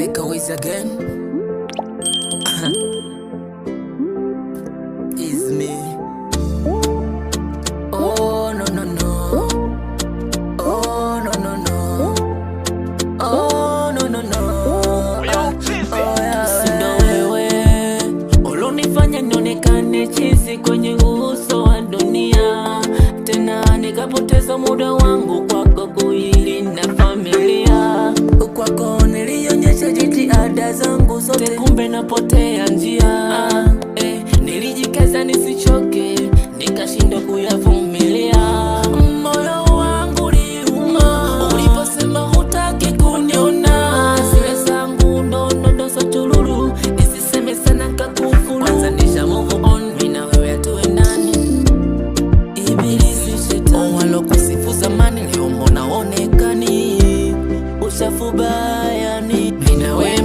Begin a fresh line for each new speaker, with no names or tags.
Baker is again. is me. Oh no no no. Oh no no no. Oh no no no. Eh. kwenye uso wa dunia, tena nikapoteza muda wangu kwako kui zangu zote, kumbe napotea njia. Ah, eh, nilijikaza nisichoke, nikashindwa kuyavumilia. Moyo wangu uliposema hutaki zangu sana zamani, leo mbona onekani? bayani, mimi na wewe